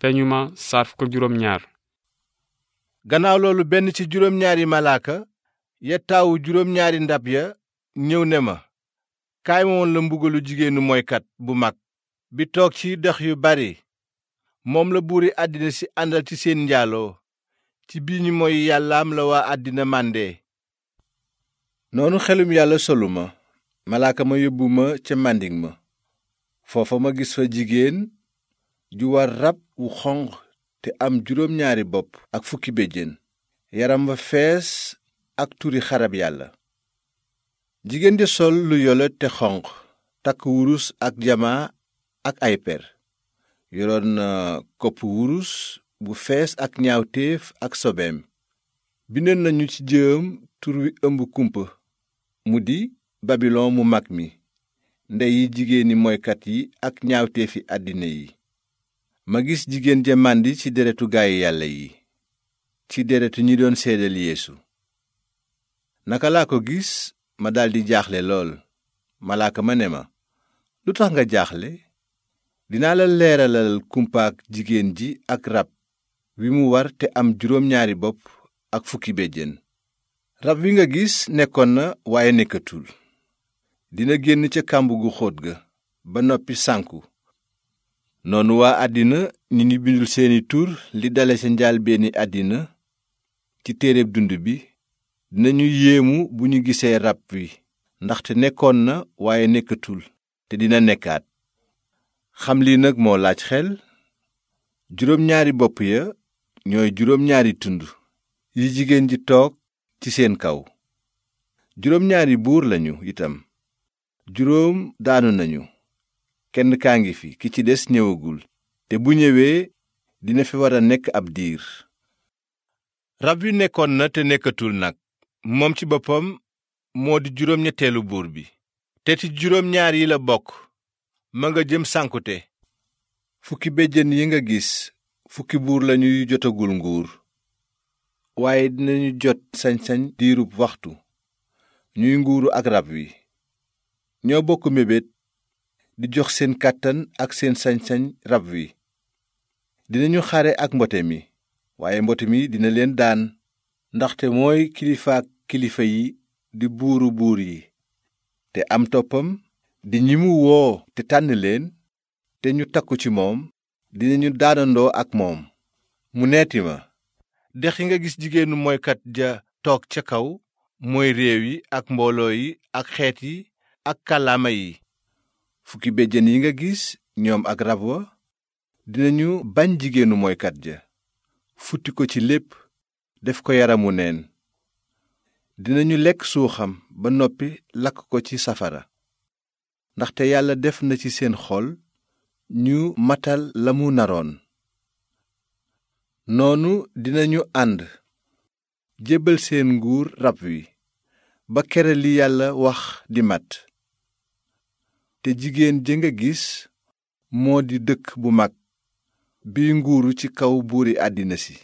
peñu ma saar gannaaw loolu benn ci juróom ñaari malaaka ya taawu juróom ñaari ndab ya ñëw ne ma kaay la mbugalu jigéenu moykat bu mag bi toog ci dex yu bari moom la buuri àddina si àndal ci seen njaaloo ci bii ñu moy yàllaam la waa àddina màndee noonu xelum yàlla solu ma malaaka ma yóbbu ma ca màndik ma foofa ma gis fa jigéen ju war rab wu xonq te am juróom bopp ak fukki béjjén fees ak turi xarab yàlla jigéen di sol lu yole te xonq takk wurus ak jamaa ak ay per yoroon na kopp wurus bu fees ak ñaawteef ak sobeem bindeen nañu ci jëm turwi ëmb kumpa mu di babilon mu mag mi ndeyi jigéeni moykat yi ak ñaawteefi àddina yi ma gis jigéen ja màndi ci deretu yàlla yi ci deretu ñi doon seedal yeesu naka laa ko gis ma daldi jaaxle lool malaaka ma ne ma lu tax nga jaaxle dinaa la leeralal kumpaak jigéen ji ak rab wi mu war te am juróom ñaari bopp ak fukki béjjén rab wi nga gis nekkoon na waaye nekkatul dina génn ca kàmb gu xóot ga ba noppi sànku noonu waa àddina ñi ñu bindul seeni tur li dale sa njaalbeeni àddina ci téere dund bi dinañu yéemu bu ñu gisee rab wi ndaxte nekkoon na waaye nekkatul te dina nekkaat xam lii nag moo laaj xel juróom ñaari bopp ya ñooy juróom ñaari tund yi jigéen ji toog ci seen kaw juróom ñaari buur lañu itam juróom daanu nañu kenn kaa ngi fi ki ci des ñëwagul te bu ñëwee dina fi war a nekk ab diir rab wi nekkoon na te nekkatul nag moom ci boppam moo di juróom ñetteelu buur bi te ci juróom ñaar yi la bokk ma nga jëm sànkute fukki béjjén yi nga gis fukki buur lañuy jotagul nguur waaye dinañu jot sañsañ sañ diirub waxtu ñuy nguuru ak rab wi ñoo bokk mébét di jox seen kàttan ak seen sañ-sañ rab wi dinañu xare ak mbote mi waaye mbote mi dina leen daan ndaxte mooy kilifaak kilifa yi di buuru buur yi te am toppam di ñi mu woo te tànn leen te ñu takku ci moom dinañu daanandoo ak moom mu neeti ma dex yi nga gis jigéenu moykat ja toog ca kaw mooy réew yi ak mbooloo yi ak xeet yi ak kàllaama yi fukki béjjén yi nga gis ñoom ak rab wa dinañu bañ jigéenu mooykat ja futti ko ci lépp def ko yaramu neen dinañu lekk suuxam ba noppi lakk ko ci safara ndaxte yàlla def na ci seen xol ñu matal la mu naroon noonu dinañu ànd jébbal seen nguur rab wi ba kere li yàlla wax di mat te jigéen ja nga gis moo di dëkk bu mag bi nguuru ci kaw buuri àddina si